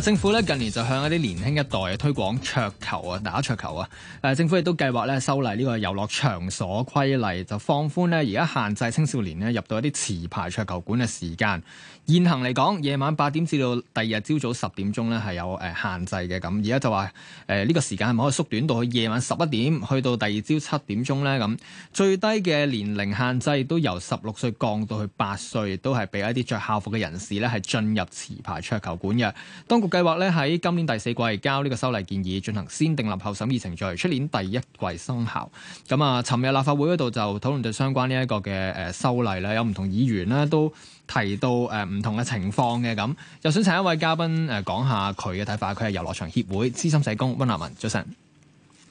政府咧近年就向一啲年輕一代推廣桌球啊，打桌球啊。誒，政府亦都計劃咧修例呢個遊樂場所規例，就放寬咧而家限制青少年咧入到一啲持牌桌球館嘅時間。現行嚟講，夜晚八點至到第二日朝早十點鐘咧係有誒限制嘅。咁而家就話誒呢個時間係咪可以縮短到去夜晚十一點去到第二朝七點鐘咧？咁最低嘅年齡限制都由十六歲降到去八歲，都係俾一啲着校服嘅人士咧係進入持牌桌球館嘅。當計劃咧喺今年第四季交呢個修例建議，進行先訂立後審議程序，出年第一季生效。咁啊，尋日立法會嗰度就討論咗相關呢一個嘅誒修例咧，有唔同議員咧都提到誒唔同嘅情況嘅。咁又想請一位嘉賓誒講下佢嘅睇法，佢係遊樂場協會資深社工溫立文。早晨，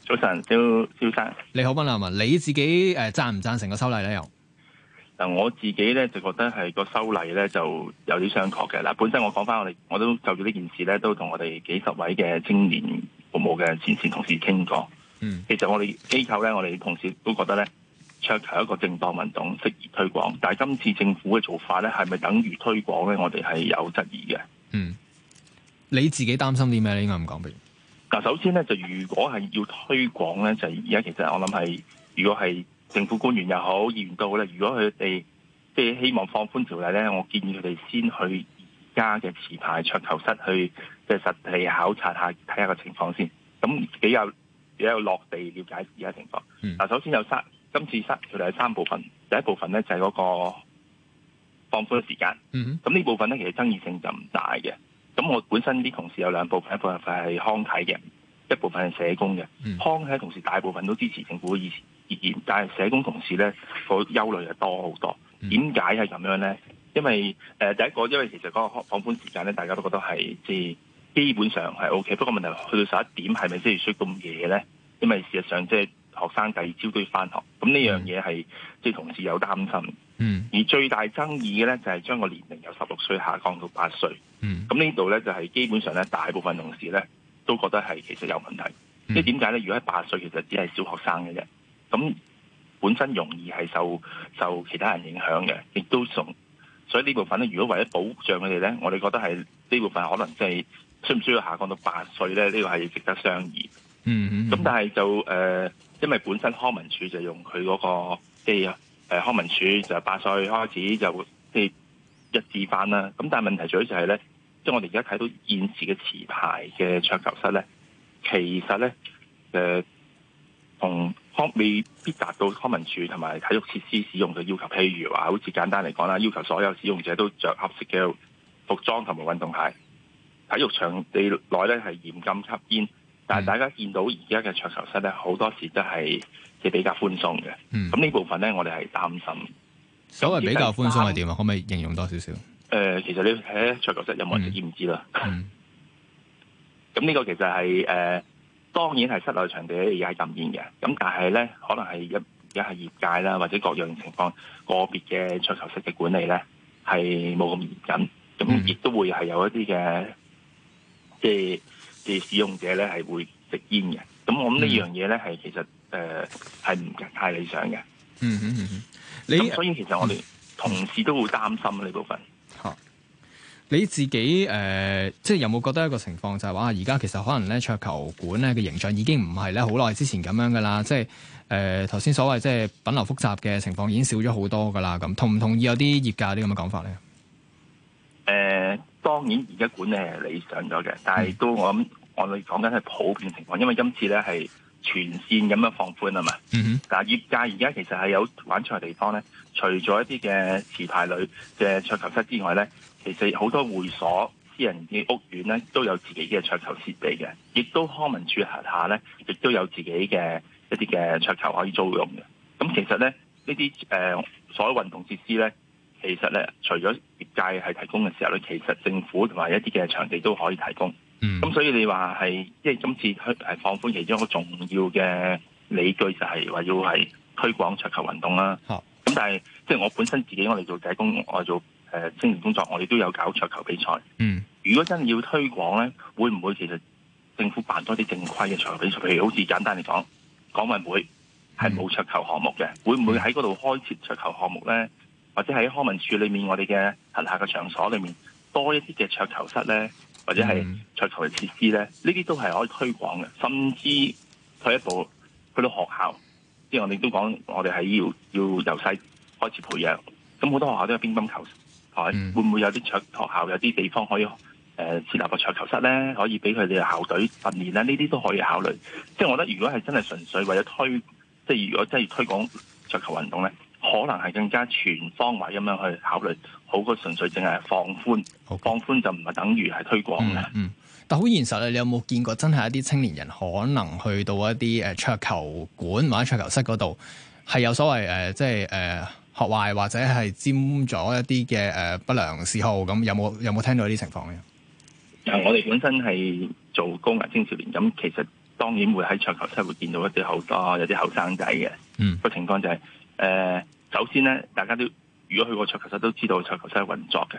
早晨，蕭蕭生，你好，溫立文，你自己誒贊唔贊成個修例咧？又我自己咧就覺得係個修例咧就有啲商榷嘅。嗱，本身我講翻我哋，我都就住呢件事咧，都同我哋幾十位嘅青年服務嘅前線同事傾過。嗯，其實我哋機構咧，我哋同事都覺得咧，桌球係一個正當運動，適宜推廣。但係今次政府嘅做法咧，係咪等於推廣咧？我哋係有質疑嘅。嗯，你自己擔心啲咩？你應該唔講俾。嗱，首先咧就如果係要推廣咧，就而家其實我諗係，如果係。政府官員又好，議員都好咧，如果佢哋即係希望放寬條例咧，我建議佢哋先去而家嘅持牌桌球室去即係實地考察下，睇下個情況先。咁比較比較落地了解而家情況。嗱、mm，hmm. 首先有三，今次失條例有三部分。第一部分咧就係嗰個放寬嘅時間。咁呢、mm hmm. 部分咧其實爭議性就唔大嘅。咁我本身啲同事有兩部分，一部分係康體嘅，一部分係社工嘅。Mm hmm. 康體同事大部分都支持政府嘅意見。但係社工同事咧，個憂慮就多好多。點解係咁樣咧？因為誒、呃，第一個因為其實嗰個放寬時間咧，大家都覺得係即係基本上係 OK。不過問題去到十一點，係咪真係需要咁夜咧？因為事實上即係、就是、學生第二朝都要返學，咁呢、mm. 樣嘢係即係同事有擔心。嗯，mm. 而最大爭議嘅咧就係將個年齡由十六歲下降到八歲。嗯，咁呢度咧就係基本上咧，大部分同事咧都覺得係其實有問題。即係點解咧？如果係八歲，其實只係小學生嘅啫。咁本身容易係受受其他人影響嘅，亦都從所以呢部分咧，如果為咗保障佢哋咧，我哋覺得係呢部分可能即、就、係、是、需唔需要下降到八歲咧？呢、這個係值得商議，嗯嗯。咁、嗯嗯、但係就誒、呃、因為本身康文署就用佢嗰、那個，即係誒康文署就八歲開始就即係一致翻啦。咁但係問題最就係咧，即、就、係、是、我哋而家睇到現時嘅持牌嘅桌球室咧，其實咧誒同。呃未必達到康文署同埋體育設施使用嘅要求，譬如話好似簡單嚟講啦，要求所有使用者都着合適嘅服裝同埋運動鞋。體育場地內咧係嚴禁吸煙，但係大家見到而家嘅桌球室咧，好多時都係比較寬鬆嘅。咁呢、嗯、部分咧，我哋係擔心。所謂比較寬鬆係點啊？擔可唔可以形容多少少？誒、呃，其實你喺桌球室有冇人現知啦。咁呢、嗯嗯、 個其實係誒。呃當然係室內場地咧，而家係禁煙嘅。咁但係咧，可能係一一係業界啦，或者各樣情況，個別嘅桌球室嘅管理咧，係冇咁嚴謹。咁亦都會係有一啲嘅，即係嘅使用者咧係會食煙嘅。咁我諗呢樣嘢咧係其實誒係唔太理想嘅。嗯嗯嗯，你 咁所以其實我哋同事都會擔心呢部分。你自己誒、呃，即係有冇覺得一個情況就係、是、話，而、啊、家其實可能咧桌球館咧嘅形象已經唔係咧好耐之前咁樣噶啦，即係誒頭先所謂即係品流複雜嘅情況已經少咗好多噶啦，咁同唔同意有啲業界啲咁嘅講法咧？誒、呃、當然而家管理係理想咗嘅，但係都我諗我哋講緊係普遍情況，因為今次咧係全線咁樣放寬啊嘛。嗯、哼但係業界而家其實係有玩桌嘅地方咧，除咗一啲嘅棋牌類嘅桌球室之外咧。其實好多會所、私人嘅屋苑咧，都有自己嘅桌球設備嘅，亦都康文署轄下咧，亦都有自己嘅一啲嘅桌球可以租用嘅。咁、嗯、其實咧，呢啲誒所有運動設施咧，其實咧除咗業界係提供嘅時候咧，其實政府同埋一啲嘅場地都可以提供。Mm. 嗯，咁所以你話係即係今次係放寬其中一個重要嘅理據，就係話要係推廣桌球運動啦。咁 Huh.、嗯、但係即係我本身自己，我哋做社工，我做。誒，青年工作我哋都有搞桌球比賽。嗯，如果真係要推廣咧，會唔會其實政府辦多啲正規嘅桌球比賽？譬如好似簡單嚟講，港運會係冇桌球項目嘅，嗯、會唔會喺嗰度開設桌球項目咧？或者喺康文署裏面，我哋嘅閒暇嘅場所裏面多一啲嘅桌球室咧，或者係桌球嘅設施咧？呢啲、嗯、都係可以推廣嘅，甚至退一步去到學校。即係我哋都講，我哋係要要由細開始培養。咁好多學校都有乒乓球。嗯、會唔會有啲桌學校有啲地方可以設立個桌球室咧？可以俾佢哋校隊訓練咧？呢啲都可以考慮。即係我覺得，如果係真係純粹為咗推，即係如果真係推廣桌球運動咧，可能係更加全方位咁樣去考慮，好過純粹淨係放寬。好放寬就唔係等於係推廣啦。嗯，嗯，但好現實咧，你有冇見過真係一啲青年人可能去到一啲誒、呃、桌球館或者桌球室嗰度，係有所謂、呃、即係學壞或者係沾咗一啲嘅誒不良嗜好，咁有冇有冇聽到呢啲情況咧？我哋本身係做高危青少年，咁其實當然會喺桌球室會見到一啲好多有啲後生仔嘅。嗯，個情況就係、是、誒、呃，首先咧，大家都如果去過桌球室都知道桌球室係運作嘅，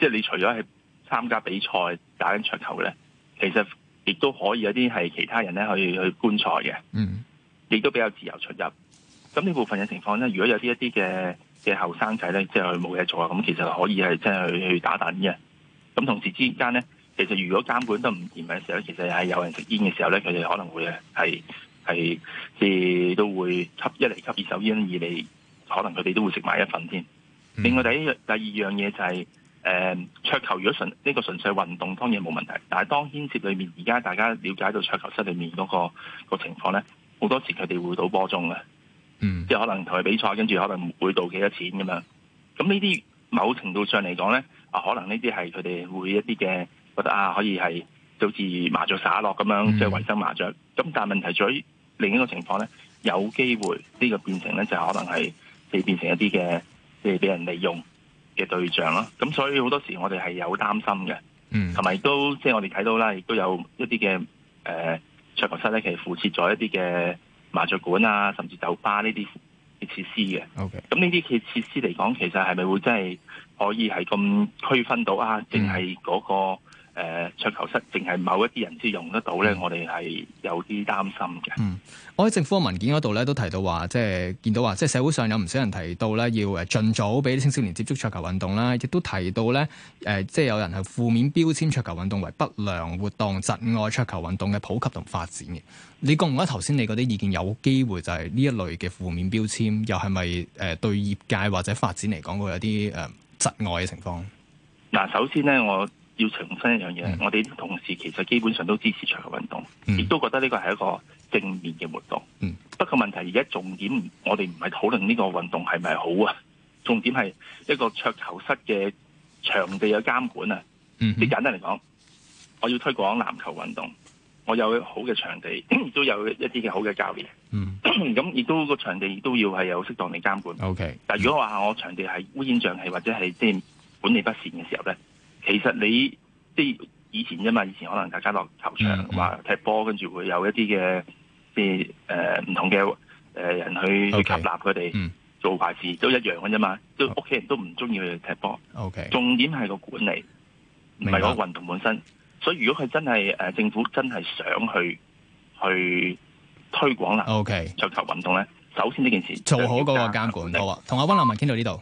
即、就、係、是、你除咗係參加比賽打緊桌球咧，其實亦都可以有啲係其他人咧可以去，去觀賽嘅。嗯，亦都比較自由出入。咁呢部分嘅情況咧，如果有啲一啲嘅嘅後生仔咧，即係冇嘢做啊，咁其實可以係即係去去打躉嘅。咁同時之間咧，其實如果監管得唔嚴嘅時候咧，其實係有人食煙嘅時候咧，佢哋可能會係即係都會吸一嚟吸二手煙，二嚟可能佢哋都會食埋一份添。嗯、另外第一第二樣嘢就係誒桌球，如果純、呢個純粹運動，當然冇問題。但係當牽涉裏面而家大家了解到桌球室裏面嗰、個、個情況咧，好多時佢哋會賭波中嘅。嗯， 即係可能同佢比賽，跟住可能會賭幾多錢咁樣。咁呢啲某程度上嚟講咧，啊可能呢啲係佢哋會一啲嘅覺得啊可以係就好似麻雀灑落咁樣，即係衛生麻雀。咁但係問題在於另一個情況咧，有機會呢個變成咧就可能係被變成一啲嘅即係俾人利用嘅對象咯。咁所以好多時我哋係有擔心嘅，同埋 亦都即係我哋睇到啦，亦都有一啲嘅誒桌球室咧，其實附設咗一啲嘅。麻雀館啊，甚至酒吧呢啲設施嘅，咁呢啲嘅設施嚟講，其實係咪會真係可以係咁區分到啊？淨係嗰個？誒桌球室淨係某一啲人先用得到咧，嗯，我哋係有啲擔心嘅。嗯，我喺政府嘅文件嗰度咧都提到話，即係見到話，即係社會上有唔少人提到咧，要誒盡早俾啲青少年接觸桌球運動啦，亦都提到咧誒，即係有人係負面標籤桌球運動為不良活動，窒礙桌球運動嘅普及同發展嘅。你覺唔覺得頭先你嗰啲意見有機會就係呢一類嘅負面標籤，又係咪誒對業界或者發展嚟講，會有啲誒窒礙嘅情況？嗱，首先咧，我。要重申一樣嘢，mm. 我哋同事其實基本上都支持桌球運動，亦、mm. 都覺得呢個係一個正面嘅活動。Mm. 不過問題而家重點，我哋唔係討論呢個運動係咪好啊，重點係一個桌球室嘅場地嘅監管啊。Mm hmm. 你簡單嚟講，我要推廣籃球運動，我有好嘅場地，亦都有一啲嘅好嘅教練。咁亦、mm. 都個場地亦都要係有適當嘅監管。O Okay . K. 但如果話我場地係烏煙瘴氣或者係即係管理不善嘅時候咧？其實你即係以前啫嘛，以前可能大家落球場話、嗯嗯、踢波，跟住會有一啲嘅誒唔同嘅誒人去 okay, 去吸納佢哋做壞事，都一樣嘅啫嘛。都屋企人都唔中意去踢波。OK，重點係個管理，唔係個運動本身。白所以如果佢真係誒、呃、政府真係想去去推廣啦，OK，桌球運動咧，首先呢件事做好嗰個監管監好啊。同阿温立文傾到呢度。